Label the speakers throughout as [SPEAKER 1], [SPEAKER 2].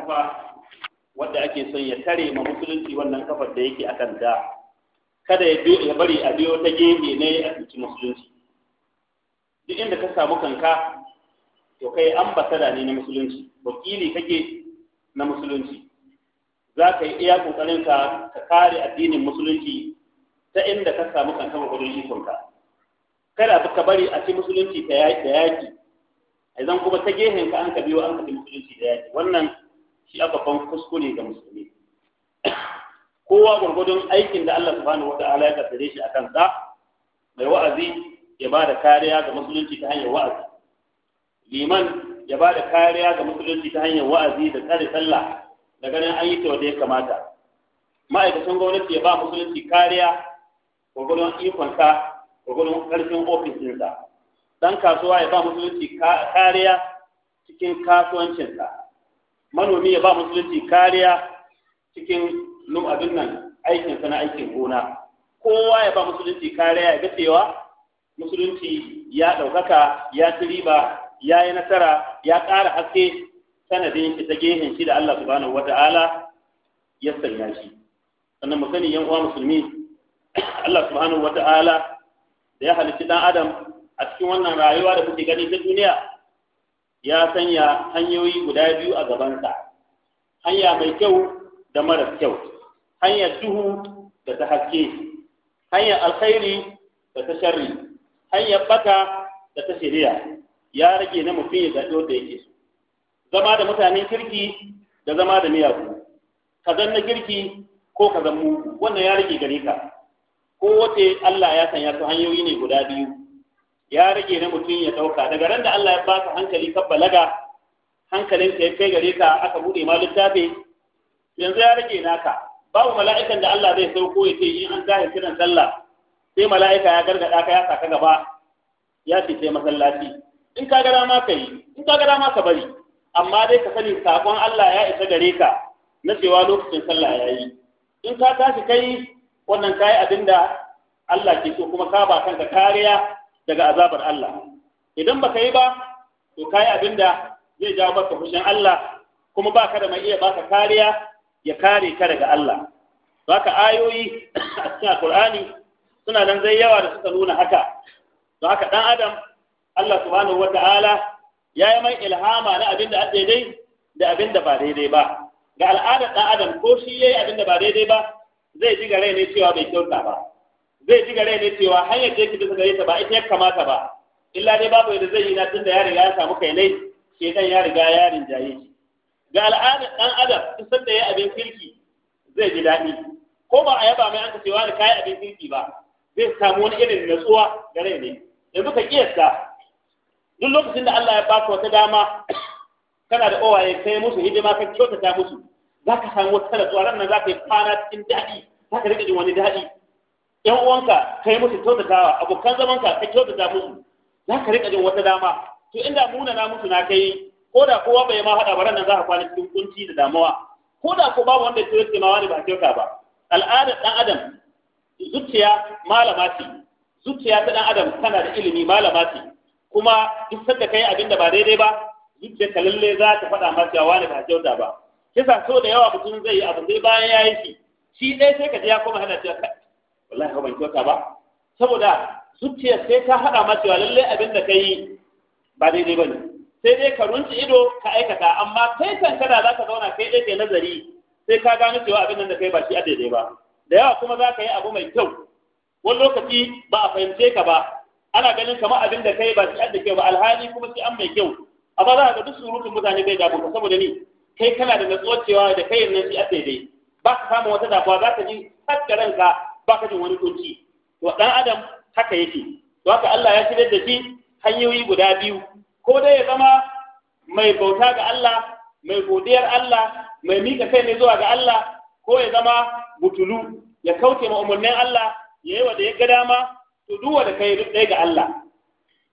[SPEAKER 1] kafa wadda ake son ya tare ma musulunci wannan kafar da yake akan da kada ya bari a biyo ta gefe ne a cikin musulunci duk inda ka samu kanka to kai ambasada ne na musulunci wakili kake na musulunci za ka yi iya kokarin ka kare addinin musulunci ta inda ka samu kanka gudun ikonka kada ka bari a ci musulunci da yaki idan kuma ta gehen ka an ka biyo an ka ci musulunci da yaki wannan shi babban kuskure ga musulmi kowa gwargwadon aikin da Allah subhanahu ta'ala ya kaddare shi akan sa mai wa'azi ya ba da kariya ga musulunci ta hanyar wa'azi liman ya ba da kariya ga musulunci ta hanyar wa'azi da tsare sallah da ganin an yi ta wanda ya kamata ma'aikatan gwamnati ya ba musulunci kariya gwargwadon ikonsa gwargwadon ƙarfin ofis ɗinsa Ɗan kasuwa ya ba musulunci kariya cikin kasuwancinsa manomi ya ba musulunci kariya cikin num abin nan aikin sana aikin gona kowa ya ba musulunci kariya ya ga cewa musulunci ya ɗaukaka ya ci riba ya yi nasara ya ƙara haske sanadin shi ta gehen shi da Allah subhanahu wata'ala ya sanya shi sannan mu sani yan uwa musulmi Allah subhanahu wata'ala da ya halicci dan adam a cikin wannan rayuwa da kuke gani ta duniya ya sanya hanyoyi guda biyu a gabansa hanya mai kyau da mara kyau hanyar duhu da ta haske hanyar alkhairi da ta sharri hanyar ɓaka da ta shari'a ya rage na mutum ya zaɓi wanda yake so zama da mutanen kirki da zama da miyagu ka zan kirki ko ka zan wannan ya rage gare ka ko wace Allah ya sanya su hanyoyi ne guda biyu ya rage na mutum ya dauka daga ran da Allah ya baka hankali ka balaga hankalin ka ya kai gare ka aka bude ma littafi yanzu ya rage naka babu mala'ikan da Allah zai sauko ya ce in an tashi kiran sallah sai mala'ika ya gargada ka ya saka gaba ya ce sai masallaci in ka gara ma ka in ka gara ma ka bari amma dai ka sani sakon Allah ya isa gare ka na cewa lokacin sallah ya yi in ka tashi kai wannan kayi abin da Allah ke so kuma ka ba kanka kariya daga azabar Allah idan baka yi ba to kai abin da zai jawo maka fushin Allah kuma baka da mai iya baka kariya ya kare ka daga Allah baka ayoyi a cikin Alƙur'ani suna nan zai yawa da suka nuna haka To haka dan adam Allah subhanahu wata'ala ya yi mai ilhama na abin da a daidai da abin da ba daidai ba ga al'adar dan adam ko shi yayi abin da ba daidai ba zai ji ga rai ne cewa bai kyauta ba zai ji gare ne cewa hanyar da yake bisa gare ta ba ita ya kamata ba illa dai babu yadda zai yi na tunda ya riga ya samu ke dan ya riga ya rinjaye shi ga al'adar dan adam duk da ya abin kirki zai ji daɗi ko ba a yaba mai an cewa da kai abin kirki ba zai samu wani irin natsuwa gare ne yanzu ka kiyasta duk lokacin da Allah ya ka wata dama kana da owaye kai musu hidima ka kyautata musu za ka samu wata natsuwa ran nan za ka yi kwana cikin daɗi za ka riƙa jin wani daɗi yan uwanka kai musu kyautatawa abokan zamanka ka kyautata musu za ka rika jin wata dama to inda muna na musu na kai ko da kowa bai ma hada baran nan za ka kwana cikin kunci da damuwa ko da ko babu wanda ya ce ma wani ba kyauta ba al'adar dan adam zuciya malama ce zuciya ta dan adam tana da ilimi malama ce kuma duk da kai abin da ba daidai ba zuciya ta lalle za ta faɗa ma cewa wani ba kyauta ba kisa so da yawa mutum zai yi abu zai bayan ya yi shi shi ɗaya sai ka je ya koma hana cewa wallahi ban kyauta ba saboda zuciya sai ta haɗa ma cewa lallai abin da ka yi ba daidai ba ne sai dai ka runci ido ka aikata amma kai kankana za ka zauna kai dai ka nazari sai ka gano cewa abin nan da kai ba shi a daidai ba da yawa kuma za ka yi abu mai kyau wani lokaci ba a fahimce ka ba ana ganin kamar abin da kai ba shi a kyau ba alhali kuma shi an mai kyau amma za ka ga duk surutun mutane bai damu ka saboda ni kai kana da natsuwa cewa da kai nan shi a daidai ba ka samu wata damuwa za ka ji har ranka ba ka jin wani kunci to dan adam haka yake to haka Allah ya shirya da shi hanyoyi guda biyu ko dai ya zama mai bauta ga Allah mai godiyar Allah mai mika kai ne zuwa ga Allah ko ya zama butulu ya kauce ma umarnin Allah ya yi wa da ya ga dama to duk wanda kai duk ɗaya ga Allah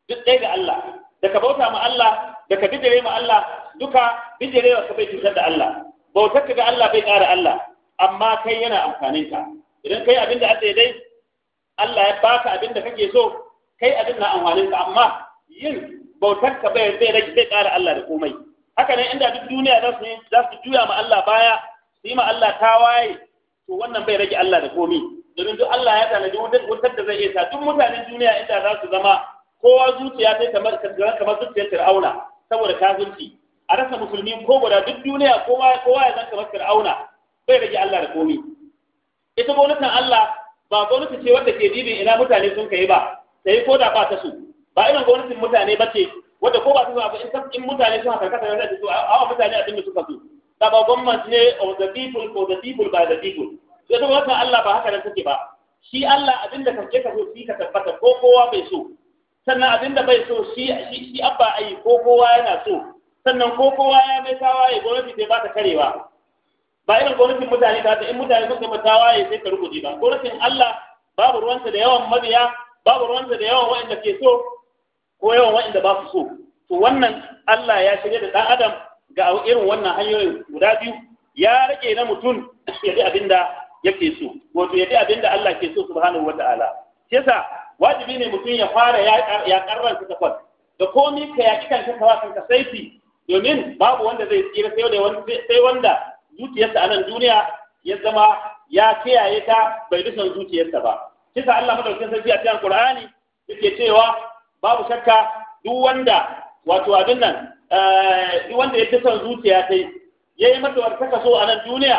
[SPEAKER 1] duk ɗaya ga Allah da ka bauta ma Allah da ka bijire ma Allah duka bijire wa ka bai da Allah bautar ka ga Allah bai ƙara Allah amma kai yana amfanin ka idan kai abin da aka dai Allah ya baka abin da kake so kai abin na amfanin ka amma yin bautar ka bai zai rage bai ƙara Allah da komai haka ne inda duk duniya za su za su juya ma Allah baya su yi ma Allah tawaye to wannan bai rage Allah da komai domin duk Allah ya tanadi wutar da zai isa duk mutanen duniya inda za su zama kowa zuciya sai kamar kamar zuciyar Fir'auna saboda kafirci a rasa musulmi ko guda duk duniya kowa kowa ya zan kamar Fir'auna bai rage Allah da komai ita gwamnatin Allah ba gwamnati ce wadda ke dibin ina mutane sun kai ba sai ko koda ba ta su ba irin gwamnatin mutane ba ce wadda ko ba su su ba in mutane sun haka kasa da su a mutane a dinga suka su ta ba gwamnati ne of the people for the people by the people sai ta gwamnatin Allah ba haka nan take ba shi Allah abinda kake ka so shi ka tabbata ko kowa bai so sannan abinda bai so shi shi abba ai ko kowa yana so sannan ko kowa ya mai tawaye gwamnati bai ba ta karewa ba irin gwamnatin mutane ta in mutane sun gama ya sai ka rubuce ba gwamnatin Allah babu ruwansa da yawan mabiya babu ruwansa da yawan waɗanda ke so ko yawan waɗanda ba su so to wannan Allah ya shirya da ɗan adam ga irin wannan hanyoyin guda biyu ya rage na mutum ya bi abin da yake so wato ya bi abin da Allah ke so subhanahu wa shi yasa wajibi ne mutum ya fara ya karranta takwas da komi ka yaki kanka kawa kanka domin babu wanda zai tsira sai wanda zuciyarsa a nan duniya ya zama ya kiyaye ta bai dusan zuciyarsa ba kisa Allah madaukakin sarki a cikin Qur'ani yake cewa babu shakka duk wanda wato abin nan eh, duk wanda ya dusan zuciya sai yayi mata wata kaso a nan duniya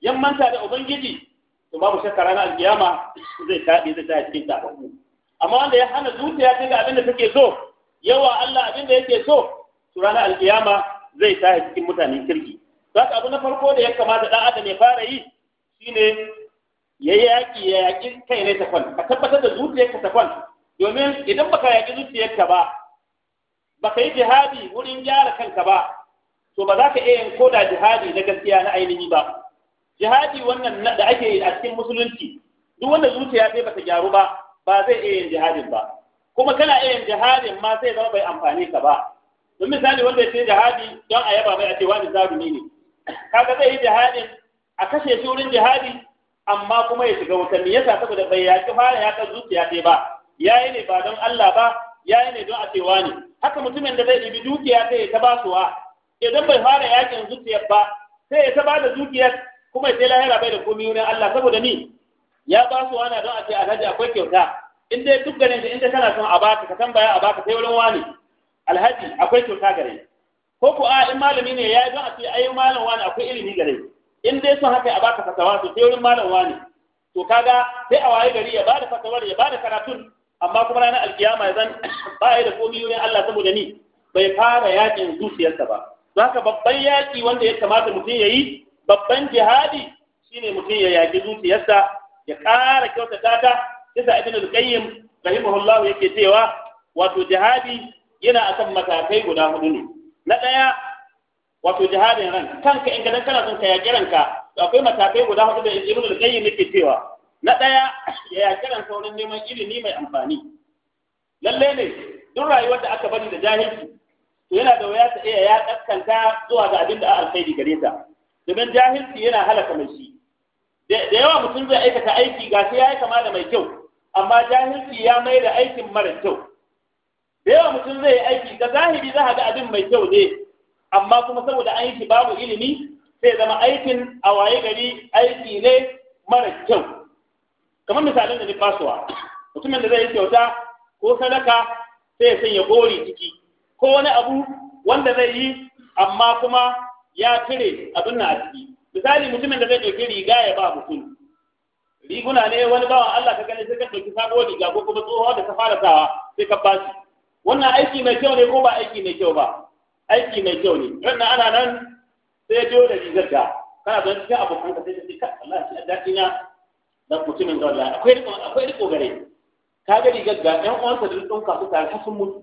[SPEAKER 1] yan manta da ubangiji to babu shakka ranar alkiyama zai tafi zai tafi cikin tafafu amma wanda ya hana zuciya ta ga abin da take so yawa Allah abin da yake so to ranar alkiyama zai tafi cikin mutanen kirki Zaka abu na farko da ya kamata ɗan adam ya fara yi shine ya yaƙi ya yaƙi kai ne tafan a tabbatar da zuciyarka tafan domin idan baka yaƙi zuciyarka ba baka yi jihadi wurin gyara kanka ba to ba za ka iya yin koda jihadi na gaskiya na ainihi ba jihadi wannan da ake yi a cikin musulunci duk wanda zuciya sai bata gyaru ba ba zai iya yin jihadin ba kuma kana iya yin jihadin ma sai zama bai amfani ka ba don misali wanda ya ce jihadi don a yaba mai a ce wani zarumi ne kaga zai yi jihadin a kashe shi wurin jihadi amma kuma ya shiga wutan Ya sa saboda bai yaƙi fara ya kan zuciya dai ba yayi ne ba don Allah ba yayi ne don a cewa ne haka mutumin da zai ɗibi dukiya sai ya ta basuwa idan bai fara yakin zuciyar ba sai ya ta da dukiyar kuma ya sai lahira bai da komi wurin Allah saboda ni ya basuwa na don a ce alhaji akwai kyauta in dai duk ganin da inda kana son a baka ka tambaya a baka sai wurin wani alhaji akwai kyauta gare ko ku a ah, in malami ne ya yi don a ce ai malam wani akwai ilimi gare in dai sun haka a baka fatawa to sai wurin malam wani to kaga sai a waye gari ya bada fatawar ya bada karatun amma kuma ranar alkiyama ya zan ba ya da komi wurin Allah saboda ni bai fara yakin zuciyarsa ba don haka babban yaki wanda ya kamata mutum ya yi babban jihadi shine mutum ya yaki zuciyarsa ya ƙara kyautata ta yasa ibn al-qayyim rahimahullahu yake cewa wato jihadi yana akan matakai guda hudu ne na ɗaya wato jihadin ran kanka in gidan kana son ka yaƙi ranka akwai matakai guda hudu da ibnu al-qayyim yake cewa na ɗaya ya yaƙi ranka wurin neman ilimi mai amfani lalle ne duk rayuwar da aka bari da jahilci to yana da waya ta iya ya kaskanta zuwa ga abin da a alkhairi gare ta domin jahilci yana halaka mai shi da yawa mutum zai aikata aiki ga shi ya yi kama da mai kyau amma jahilci ya mai da aikin mara kyau da yawa mutum zai yi aiki ga zahiri za a ga abin mai kyau ne amma kuma saboda an yi babu ilimi sai zama aikin a waye gari aiki ne mara kyau kamar misalin da ni fasuwa mutumin da zai yi kyauta ko sadaka sai ya sanya gori ciki ko wani abu wanda zai yi amma kuma ya cire abin na a ciki misali mutumin da zai ɗauki riga ya ba mutum riguna ne wani bawan Allah ka gani sai ka ɗauki sabuwar riga ko kuma tsohuwa da ta fara sawa sai ka ba shi wannan aiki mai kyau ne ko ba aiki mai kyau ba aiki mai kyau ne wannan ana nan sai ya jiyo da rigar da kana zan cikin abokan da, sai ka ce kai Allah shi daɗi na dan mutumin da wallahi akwai riko akwai riko gare ka ga rigar da, ɗan uwansa da ɗan kasu tare har sun mutu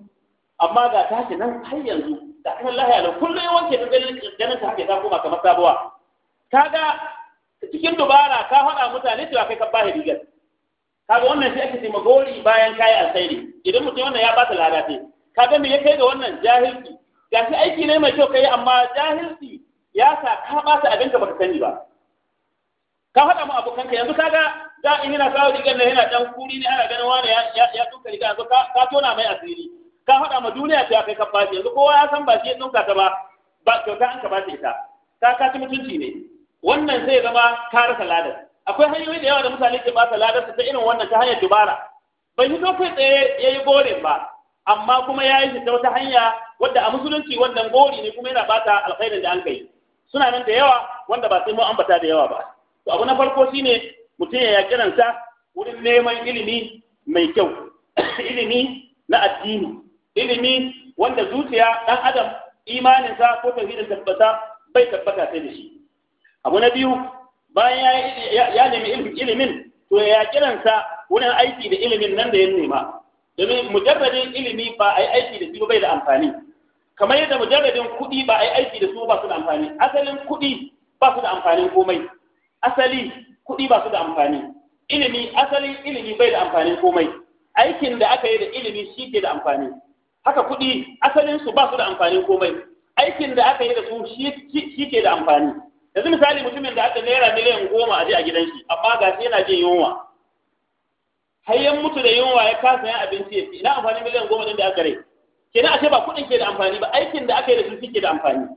[SPEAKER 1] amma ga ce nan har yanzu da kan Allah ya kullum ya wanke da ganin ta hake ta koma kamar sabuwa kaga cikin dubara ka faɗa mutane cewa kai ka ba rigar kaga wannan shi ake ce magori bayan kayi alkhairi idan mutum wannan ya bata lada ce kaga me ya kai ga wannan jahilci shi aiki ne mai kyau kai amma jahilci ya sa ka bata abinka baka sani ba ka hada mu ka yanzu kaga da in yana sawo rigar da yana dan kuri ne ana ganin wani ya tuka rigar yanzu ka tona mai asiri ka hada ma duniya ta kai ka bashi yanzu kowa ya san ba shi ya tuka ta ba ba kyauta an ka bashi ita ka ka ci mutunci ne wannan zai zama ka rasa ladar akwai hanyoyi da yawa da mutane ke ba ta ladar ta irin wannan ta hanyar dubara bai hito kai tsaye ya yi gorin ba amma kuma ya yi shi wata hanya wadda a musulunci wannan gori ne kuma yana bata alkhairin da an kai suna nan da yawa wanda ba sai mu ambata da yawa ba to abu na farko shine mutum ya yaƙi ransa wurin neman ilimi mai kyau ilimi na addini ilimi wanda zuciya dan adam imaninsa ko tauhidin tabbata bai tabbata sai da shi abu na biyu bayan ya nemi ilimin to ya kiransa wurin aiki da ilimin nan da ya nema domin mujarradin ilimi ba a yi aiki da shi bai da amfani kamar yadda mujarradin kuɗi ba a yi aiki da su ba su da amfani asalin kuɗi ba su da amfani komai asali kuɗi ba su da amfani ilimi asalin ilimi bai da amfani komai aikin da aka yi da ilimi shi ke da amfani haka kuɗi asalinsu ba su da amfani komai aikin da aka yi da su shi ke da amfani yanzu misali mutumin da aka naira miliyan goma a je a gidan shi amma ga shi yana jin yunwa hayyan mutu da yunwa ya kasa yan abinci ya fi, ina amfani miliyan goma din da aka rai kenan ashe ba kuɗin ke da amfani ba aikin da aka yi da su ke da amfani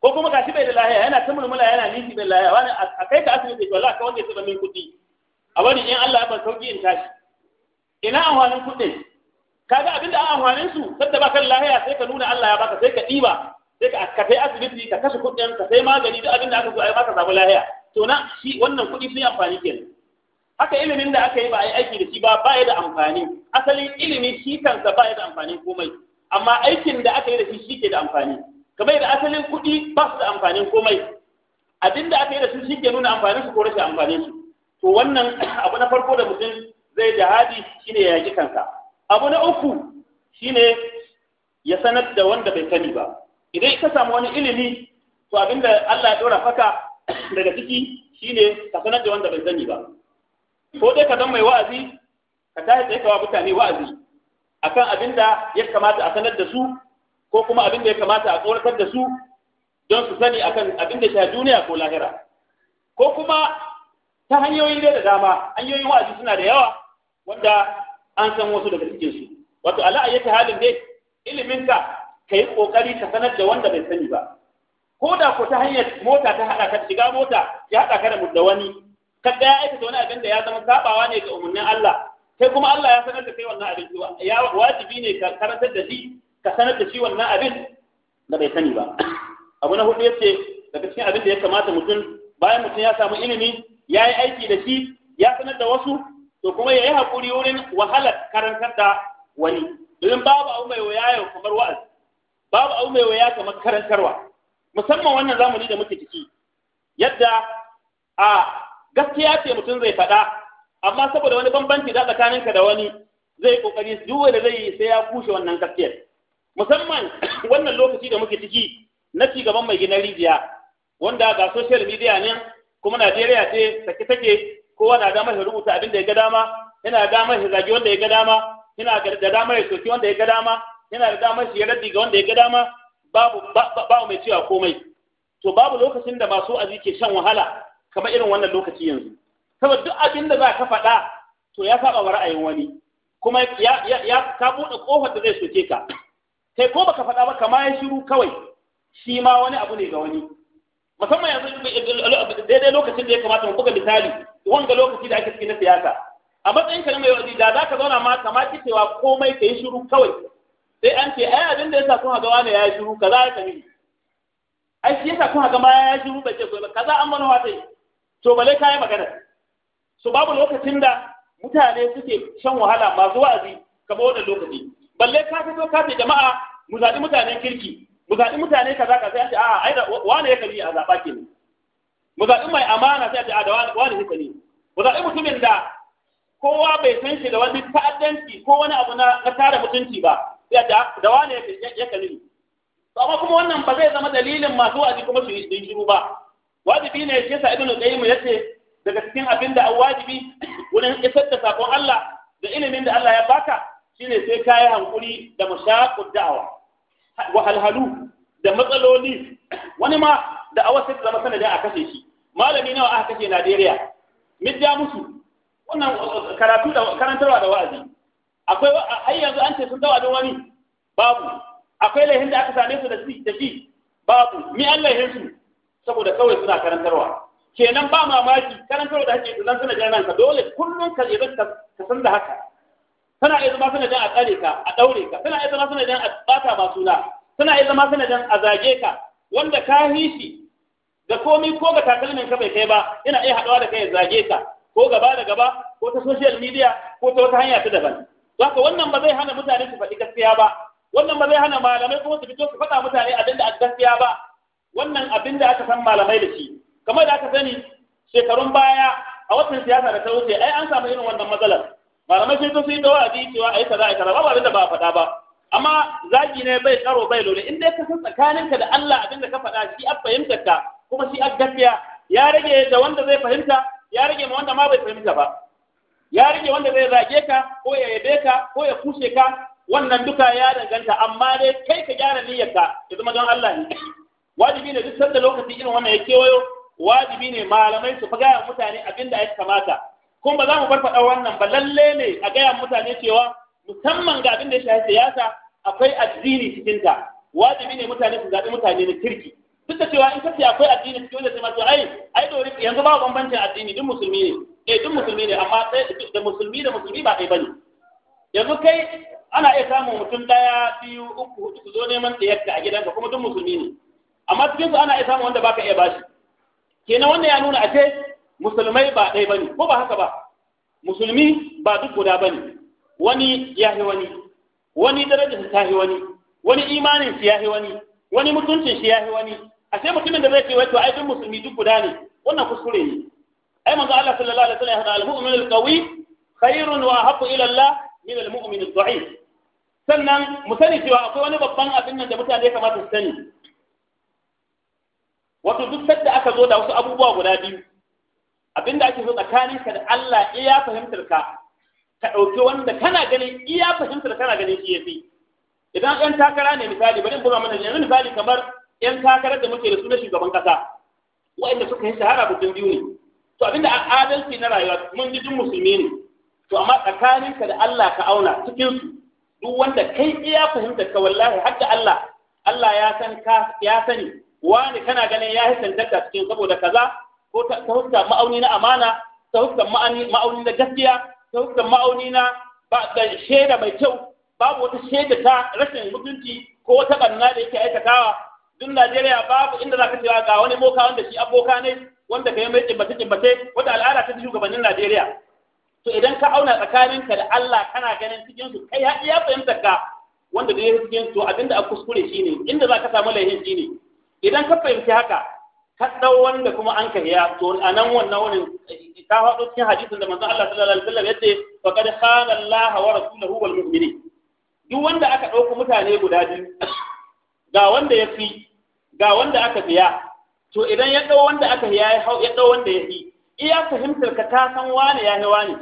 [SPEAKER 1] ko kuma shi bai da lahiya yana ta mulmula yana nishi bai lahiya wani a kai ka asibiti ko Allah ka wanda ya saba min kuɗi a bari in Allah ya ban sauki in tashi ina amfanin kuɗin kaga abin da an amfanin su sadda baka lahiya sai ka nuna Allah ya baka sai ka ɗiba sai ka kai asibiti ka kashe kuɗin ka sai magani duk abin da aka so ai ka samu lahiya to na shi wannan kuɗi sun yi amfani kenan haka ilimin da aka yi ba a yi aiki da shi ba ba ya da amfani asalin ilimi shi kansa ba ya da amfani komai amma aikin da aka yi da shi shi ke da amfani kamar da asalin kuɗi ba su da amfanin komai abin da aka yi da su shi ke nuna amfanin su ko rashin amfanin su to wannan abu na farko da mutum zai jihadi shine ya yaki kansa abu na uku shine ya sanar da wanda bai sani ba idan ka samu wani ilimi to abinda Allah ya dora faka daga ciki shine ka sanar da wanda bai sani ba ko dai ka zama mai wa'azi ka tashi tsaye ka mutane wa'azi akan abinda ya kamata a sanar da su ko kuma abinda ya kamata a tsoratar da su don su sani akan abinda sha duniya ko lahira ko kuma ta hanyoyi dai da dama hanyoyin wa'azi suna da yawa wanda an san wasu daga cikin su wato ala ayyata halin dai iliminka ka yi ƙoƙari ka sanar da wanda bai sani ba ko da ko ta hanyar mota ta haɗa ka shiga mota ya haɗa ka da da wani ka ga ya aikata wani abin da ya zama sabawa ne ga umarnin Allah kai kuma Allah ya sanar da kai wannan abin ya wajibi ne ka karantar da shi ka sanar da shi wannan abin da bai sani ba abu na hudu yace daga cikin abin da ya kamata mutum bayan mutum ya samu ilimi ya yi aiki da shi ya sanar da wasu to kuma ya yi haƙuri wurin wahalar karantar da wani domin babu abu mai wayayo kamar wa'azi babu abu mai waya kamar karantarwa musamman wannan zamani da muke ciki yadda a gaskiya ce mutum zai faɗa amma saboda wani bambanci da tsakaninka da wani zai kokari duk wanda zai yi sai ya kushe wannan gaskiyar musamman wannan lokaci da muke ciki na ci gaban mai gina rijiya wanda ga social media ne kuma Najeriya ce take take kowa na damar ya rubuta abin da ya ga dama yana damar ya zagi wanda ya ga dama yana da damar ya soki wanda ya ga dama yana da damar shi ya raddi ga wanda ya ga dama babu mai cewa komai to babu lokacin da masu aji ke shan wahala kamar irin wannan lokaci yanzu saboda duk abin da za ka faɗa to ya saba wa ra'ayin wani kuma ya ya ka buɗe kofar da zai soke ka kai ko baka faɗa ba kama ya shiru kawai shi ma wani abu ne ga wani musamman yanzu daidai lokacin da ya kamata mu buga misali wanga lokaci da ake cikin na siyasa a matsayin ka na mai da za ka zauna ma kama cewa komai ka yi shiru kawai sai an ce ai abin da yasa kun haga wani ya shiru kaza ya tafi ai shi yasa kun haka ma ya shiru bace ko ba kaza an manowa sai to bale kai magana so babu lokacin da mutane suke shan wahala masu wa'azi kamar wannan lokaci balle ka fito ka ce jama'a mu zaɓi mutanen kirki mu zaɓi mutane kaza kaza sai an ce a'a ai wani ya kabi a zaɓa ne mu zaɓi mai amana sai a ce a da wani ya kabi mu zaɓi mutumin da kowa bai san shi da wani ta'addanci ko wani abu na tara mutunci ba da wane ya kalli to amma kuma wannan ba zai zama dalilin masu wa'azi kuma su yi shiru ba wajibi ne ya sa ibnu qayyim yace daga cikin abin da wajibi wurin isar da sakon Allah da ilimin da Allah ya baka shine sai ka yi hankuri da mashaqqud da'awa wahalhalu da matsaloli wani ma da awa sai zama sanadin a kashe shi malami nawa aka kashe Najeriya midda musu wannan karatu da karantarwa da wa'azi akwai har yanzu an ce sun kawo abin wani babu akwai laihin da aka same su da shi da shi babu mi an laihin su saboda kawai suna karantarwa kenan ba mamaki karantarwa da hake sunan suna jiran ka dole kullum ka yabi ka san da haka tana iya zama jan a tsare ka a daure ka tana iya zama jan a bata ba suna tana iya zama jan a zage ka wanda ka shi da komi ko ga takalmin ka bai kai ba yana iya haɗuwa da kai ya zage ka ko gaba da gaba ko ta social media ko ta wata hanya ta daban Zaka wannan ba zai hana mutane su faɗi gaskiya ba, wannan ba zai hana malamai kuma su fito su faɗa mutane abin da gaskiya ba, wannan abin da aka san malamai da shi. Kamar da aka sani shekarun baya a watan siyasa da ta wuce, ai an samu irin wannan matsalar. Malamai sun zo su yi dawa a cewa ai kaza ai kaza ba abin da ba a faɗa ba. Amma zagi ne bai karo bai lole in dai ka san tsakaninka da Allah abin da ka faɗa shi a fahimtar ka kuma shi a gaskiya ya rage da wanda zai fahimta ya rage ma wanda ma bai fahimta ba. ya rike wanda zai zage ka ko ya yabe ka ko ya kushe ka wannan duka ya danganta amma dai kai ka gyara niyyarka ya zama don Allah ne wajibi ne duk sanda lokaci irin wannan ya kewayo wajibi ne malamai su gaya mutane abinda ya kamata kuma ba za mu farfaɗa wannan ba lalle ne a gaya mutane cewa musamman ga abin da ya shafi siyasa akwai addini cikinta wajibi ne mutane su zaɓi mutane na kirki duk da cewa in kace akwai addini cikin wanda sai ma to ai ai yanzu ba bambancin addini duk musulmi ne eh duk musulmi ne amma da musulmi da musulmi ba ɗaya bane yanzu kai ana iya samun mutum ɗaya biyu uku hudu su zo neman tsayarka a gidanka kuma duk musulmi ne amma cikin su ana iya samun wanda baka iya bashi kenan wannan ya nuna a ce musulmai ba ɗaya bane ko ba haka ba musulmi ba duk guda bane wani ya fi wani wani darajar ta fi wani wani imanin shi ya fi wani wani mutuncin shi ya fi wani a ce mutumin da zai ce wai to ai duk musulmi duk guda ne wannan kuskure ne ai manzo Allah sallallahu alaihi wasallam ya hada al-mu'min al-qawi khairun wa habbu ila Allah min al-mu'min ad-da'if sannan mu sani cewa akwai wani babban abin nan da mutane ya kamata su sani wato duk sadda aka zo da wasu abubuwa guda biyu abinda ake so tsakaninka da Allah iya fahimtar ka ka ɗauki wanda kana ganin iya fahimtar kana ganin shi yafi idan yan takara ne misali bari in buga mana yanzu misali kamar yan takarar da muke da su na shugaban kasa wa'anda suka yi shahara mutum biyu ne to abinda adalci na rayuwa mun ji duk musulmi ne to amma tsakaninka da Allah ka auna cikin su duk wanda kai iya fahimta ka wallahi har da Allah Allah ya san ka ya sani wani kana ganin ya hisantaka cikin saboda kaza ko ta hukka ma'auni na amana ta hukka ma'auni na gaskiya ta hukka ma'auni na ba da shaida mai kyau babu wata shaida ta rashin mutunci ko wata banna da yake aikatawa duk Najeriya babu inda zaka cewa ga wani boka wanda shi aboka ne wanda ka yi mai kimbace kimbace wata al'ada ta shugabannin Najeriya to idan ka auna tsakaninka da Allah kana ganin cikin su kai ya fahimtar ka wanda da ya cikin to abinda a kuskure shine inda za ka samu laihin idan ka fahimci haka ka ɗau wanda kuma an ka ya to anan wannan wani ta faɗo cikin hadisin da manzon Allah sallallahu alaihi wasallam yace faqad khana Allah wa rasuluhu wal mu'minin duk wanda aka ɗauko mutane guda biyu ga wanda ya fi ga wanda aka biya to idan ya ɗau wanda aka hau ya ɗau wanda ya yi iya fahimtar ka ta san wane ya yi wane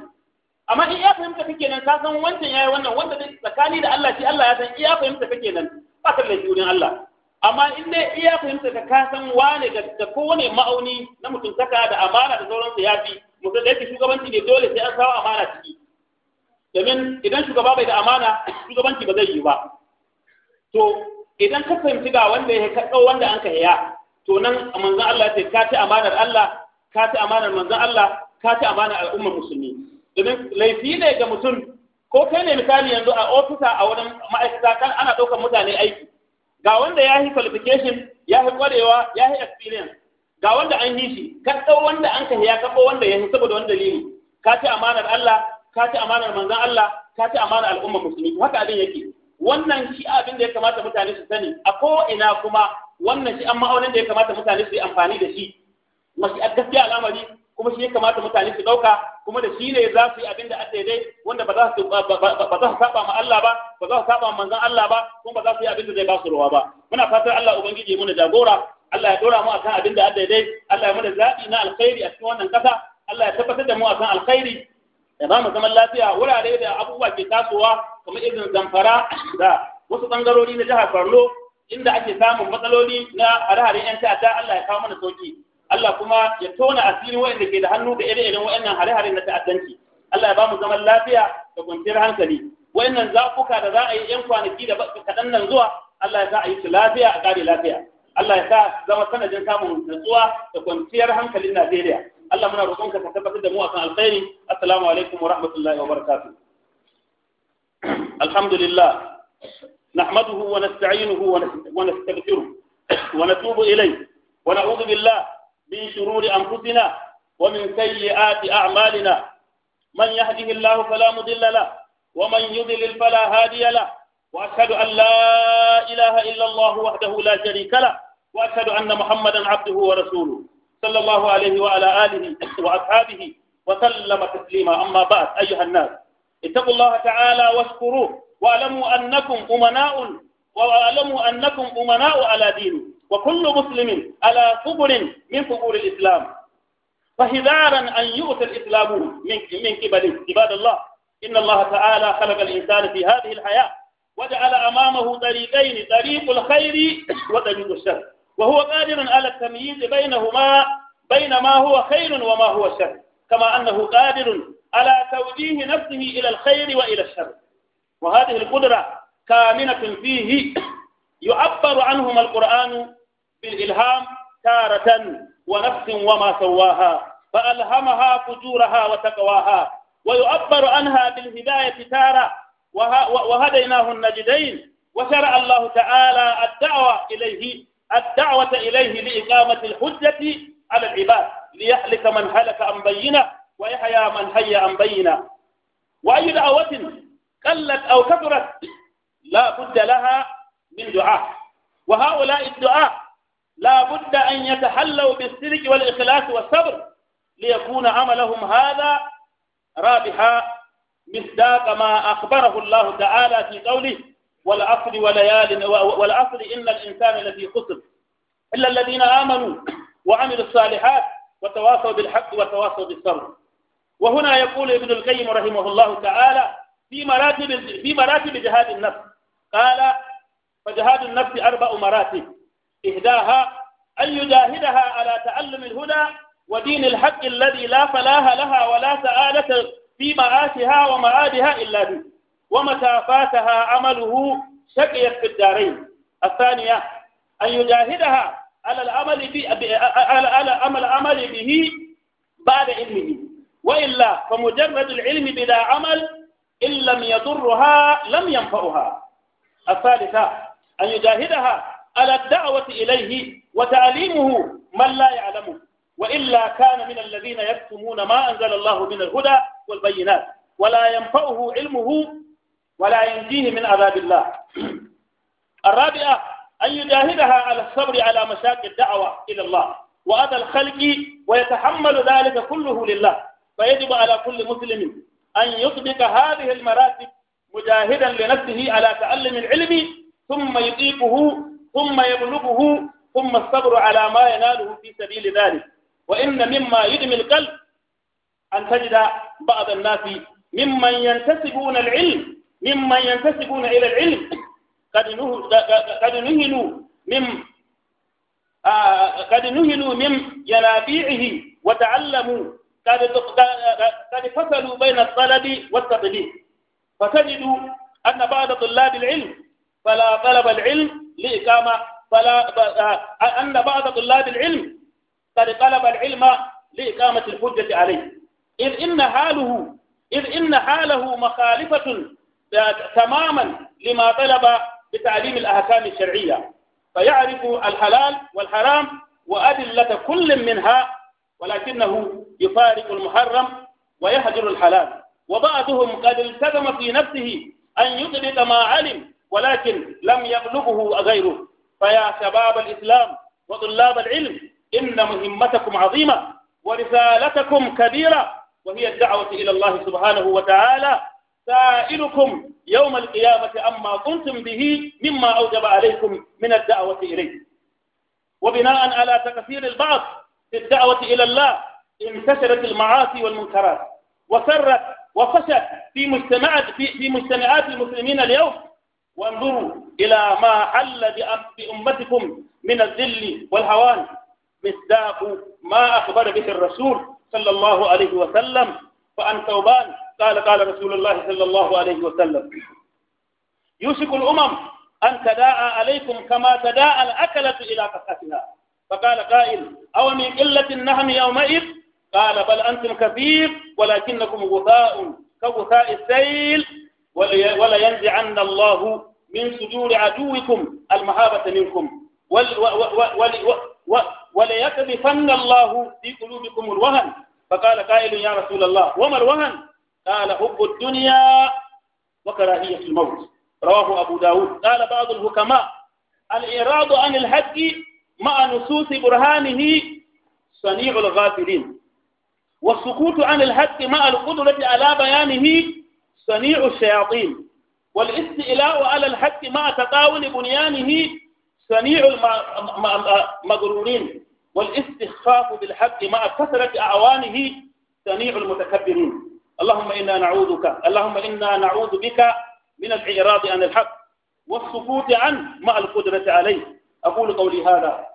[SPEAKER 1] amma in iya fahimta kake nan ka san wancan ya yi wannan wanda tsakani da Allah shi Allah ya san iya fahimta kake nan ba ka laifi wurin Allah amma in dai iya fahimta ka ka san wane da kowane ma'auni na mutuntaka da amana da sauransu ya fi mutum da yake shugabanci ne dole sai an samu amana ciki domin idan shugaba bai da amana shugabanci ba zai yi ba to idan ka fahimci ga wanda ya kaɗau wanda an ka ya to nan manzon Allah ce ka ci amanar Allah ka ci amanar manzon Allah ka ci amanar al'ummar musulmi domin laifi ne ga mutum ko kai ne misali yanzu a ofisa a wurin ma'aikata kan ana ɗaukar mutane aiki ga wanda ya yi qualification ya yi kwarewa ya yi experience ga wanda an yi shi ka ɗau wanda an kai ya kaɓo wanda ya yi saboda wani dalili ka ci amanar Allah ka ci amanar manzon Allah ka ci amanar al'ummar musulmi haka abin yake wannan shi abin da ya kamata mutane su sani a ko ina kuma wannan shi an ma'aunin da ya kamata mutane su yi amfani da shi mashi a gaskiya al'amari kuma shi ya kamata mutane su ɗauka kuma da shi ne za su yi abin da a daidai wanda ba za su saba ma Allah ba ba za su saba ma manzon Allah ba kuma ba za su yi abin da zai ba su ruwa ba muna fatan Allah ubangiji ya muna jagora Allah ya dora mu akan abin da a dai, Allah ya muna zaɓi na alkhairi a cikin wannan ƙasa Allah ya tabbatar da mu akan alkhairi ya ba mu zaman lafiya wurare da abubuwa ke tasowa kamar irin zamfara da wasu bangarori na jihar Borno inda ake samun matsaloli na hare harin 'yan ta'adda Allah ya kawo mana sauki Allah kuma ya tona asirin waɗanda ke da hannu da ire-iren waɗannan hare-haren na ta'addanci Allah ya ba mu zaman lafiya da kwanciyar hankali waɗannan zafuka da za a yi 'yan kwanaki da kaɗan nan zuwa Allah ya sa a yi su lafiya a ƙare lafiya Allah ya sa zama sanadin samun natsuwa da kwanciyar hankalin Najeriya Allah muna roƙonka ka tabbatar da mu akan alkhairi assalamu alaikum wa rahmatullahi wa barakatuh alhamdulillah نحمده ونستعينه ونستغفره ونتوب إليه ونعوذ بالله من شرور أنفسنا ومن سيئات أعمالنا من يهده الله فلا مضل له ومن يضلل فلا هادي له وأشهد أن لا إله إلا الله وحده لا شريك له وأشهد أن محمدا عبده ورسوله صلى الله عليه وعلى آله وأصحابه وسلم تسليما أما بعد أيها الناس اتقوا الله تعالى واشكروه واعلموا أنكم أمناء واعلموا أنكم أمناء على دين وكل مسلم على قبر من قبور الإسلام فهذارا أن يؤتى الإسلام من من قبله عباد الله إن الله تعالى خلق الإنسان في هذه الحياة وجعل أمامه طريقين طريق الخير وطريق الشر وهو قادر على التمييز بينهما بين ما هو خير وما هو شر كما أنه قادر على توجيه نفسه إلى الخير وإلى الشر وهذه القدرة كامنة فيه يعبر عنهم القرآن بالإلهام تارة ونفس وما سواها فألهمها فجورها وتقواها ويعبر عنها بالهداية تارة وهديناه النجدين وشرع الله تعالى الدعوة إليه الدعوة إليه لإقامة الحجة على العباد ليهلك من هلك أم بينه ويحيى من حي أم بينه وأي دعوة قلت أو كثرت لا بد لها من دعاء وهؤلاء الدعاء لا بد أن يتحلوا بالسلك والإخلاص والصبر ليكون عملهم هذا رابحا مصداق ما أخبره الله تعالى في قوله والعصر وليال والعصر إن الإنسان لفي خسر إلا الذين آمنوا وعملوا الصالحات وتواصوا بالحق وتواصوا بالصبر وهنا يقول ابن القيم رحمه الله تعالى في مراتب في مراتب جهاد النفس قال فجهاد النفس أربع مراتب إهداها أن يجاهدها على تعلم الهدى ودين الحق الذي لا فلاح لها ولا سعادة في معاشها ومعادها إلا به ومتى فاتها عمله شقيت في الدارين الثانية أن يجاهدها على العمل به على العمل به بعد علمه وإلا فمجرد العلم بلا عمل إن لم يضرها لم ينفعها الثالثة أن يجاهدها على الدعوة إليه وتعليمه من لا يعلمه وإلا كان من الذين يكتمون ما أنزل الله من الهدى والبينات ولا ينفعه علمه ولا ينجيه من عذاب الله الرابعة أن يجاهدها على الصبر على مشاق الدعوة إلى الله وأذى الخلق ويتحمل ذلك كله لله فيجب على كل مسلم أن يطبق هذه المراتب مجاهدا لنفسه على تعلم العلم ثم يطيقه ثم يبلغه ثم الصبر على ما يناله في سبيل ذلك وإن مما يدمي القلب أن تجد بعض الناس ممن ينتسبون العلم ممن ينتسبون إلى العلم قد نهلوا من آه، قد نهلوا من ينابيعه وتعلموا قد فصلوا بين الطلب والتطبيق فتجدوا أن بعض طلاب العلم فلا طلب العلم لإقامة فلا أن بعض طلاب العلم قد طلب العلم لإقامة الحجة عليه إذ إن حاله إذ إن حاله مخالفة تماما لما طلب بتعليم الأحكام الشرعية فيعرف الحلال والحرام وأدلة كل منها ولكنه يفارق المحرم ويهجر الحلال وبعضهم قد التزم في نفسه أن يطلق ما علم ولكن لم يبلغه غيره فيا شباب الإسلام وطلاب العلم إن مهمتكم عظيمة ورسالتكم كبيرة وهي الدعوة إلى الله سبحانه وتعالى سائلكم يوم القيامة أما كنتم به مما أوجب عليكم من الدعوة إليه وبناء على تكثير البعض في الدعوة إلى الله انتشرت المعاصي والمنكرات وسرت وفشت في مجتمعات في, في مجتمعات المسلمين اليوم وانظروا إلى ما حل بأمتكم من الذل والهوان مصداق ما أخبر به الرسول صلى الله عليه وسلم فأن ثوبان قال قال رسول الله صلى الله عليه وسلم يوشك الأمم أن تداعى عليكم كما تداعى الأكلة إلى قفأتها فقال قائل أو من قلة النهم يومئذ قال بل أنتم كثير ولكنكم غثاء كغثاء السيل ولينزعن الله من صدور عدوكم المهابة منكم وليكذفن الله في قلوبكم الوهن فقال قائل يا رسول الله وما الوهن قال حب الدنيا وكراهية الموت رواه أبو داود قال بعض الحكماء الإعراض عن الحج مع نصوص برهانه صنيع الغافلين والسكوت عن الحق مع القدرة على بيانه صنيع الشياطين والاستئلاء على الحق مع تطاول بنيانه صنيع المغرورين والاستخفاف بالحق مع كثرة أعوانه صنيع المتكبرين اللهم إنا نعوذك اللهم إنا نعوذ بك من الإعراض عن الحق والسكوت عنه مع القدرة عليه أقول قولي هذا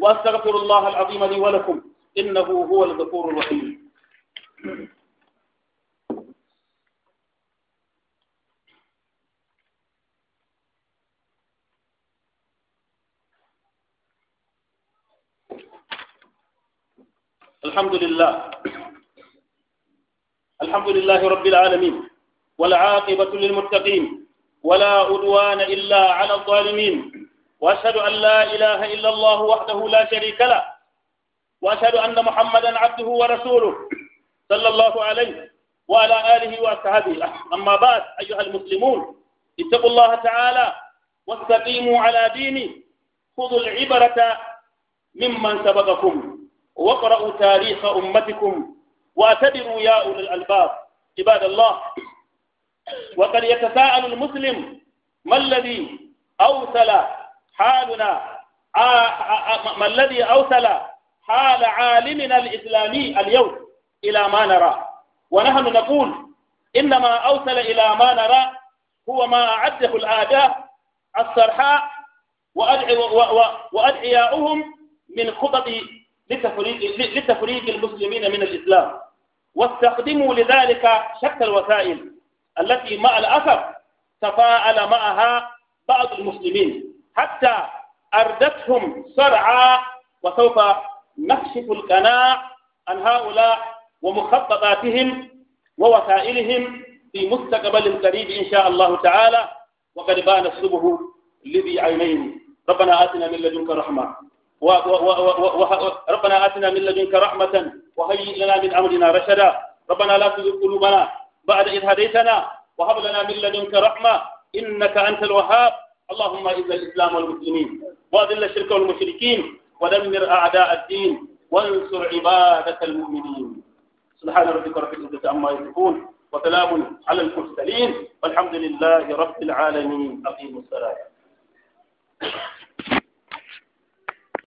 [SPEAKER 1] وأستغفر الله العظيم لي ولكم إنه هو الغفور الرحيم الحمد لله الحمد لله رب العالمين والعاقبة للمتقين ولا أدوان إلا على الظالمين وأشهد أن لا إله إلا الله وحده لا شريك له وأشهد أن محمدا عبده ورسوله صلى الله عليه وعلى آله وأصحابه أما بعد أيها المسلمون اتقوا الله تعالى واستقيموا على دينه خذوا العبرة ممن سبقكم واقرأوا تاريخ أمتكم واعتبروا يا أولي الألباب عباد الله وقد يتساءل المسلم ما الذي أوصل حالنا ما الذي أوصل حال عالمنا الإسلامي اليوم إلى ما نرى ونحن نقول إنما أوصل إلى ما نرى هو ما أعده الآداء الصرحاء وأدعياؤهم من خطط لتفريق, المسلمين من الإسلام واستخدموا لذلك شتى الوسائل التي مع الأثر تفاعل معها بعض المسلمين حتى أردتهم صرعا وسوف نكشف القناع عن هؤلاء ومخططاتهم ووسائلهم في مستقبل قريب إن شاء الله تعالى وقد بان الصبح لذي عينين ربنا آتنا من لدنك رحمة و و و و و ربنا آتنا من لدنك رحمة وهيئ لنا من أمرنا رشدا ربنا لا تزغ قلوبنا بعد إذ هديتنا وهب لنا من لدنك رحمة إنك أنت الوهاب اللهم إذا الإسلام والمسلمين وأذل الشرك والمشركين ودمر أعداء الدين وانصر عبادة المؤمنين سبحان ربك رب العزة عما يصفون وسلام على المرسلين والحمد لله رب العالمين أقيموا الصلاة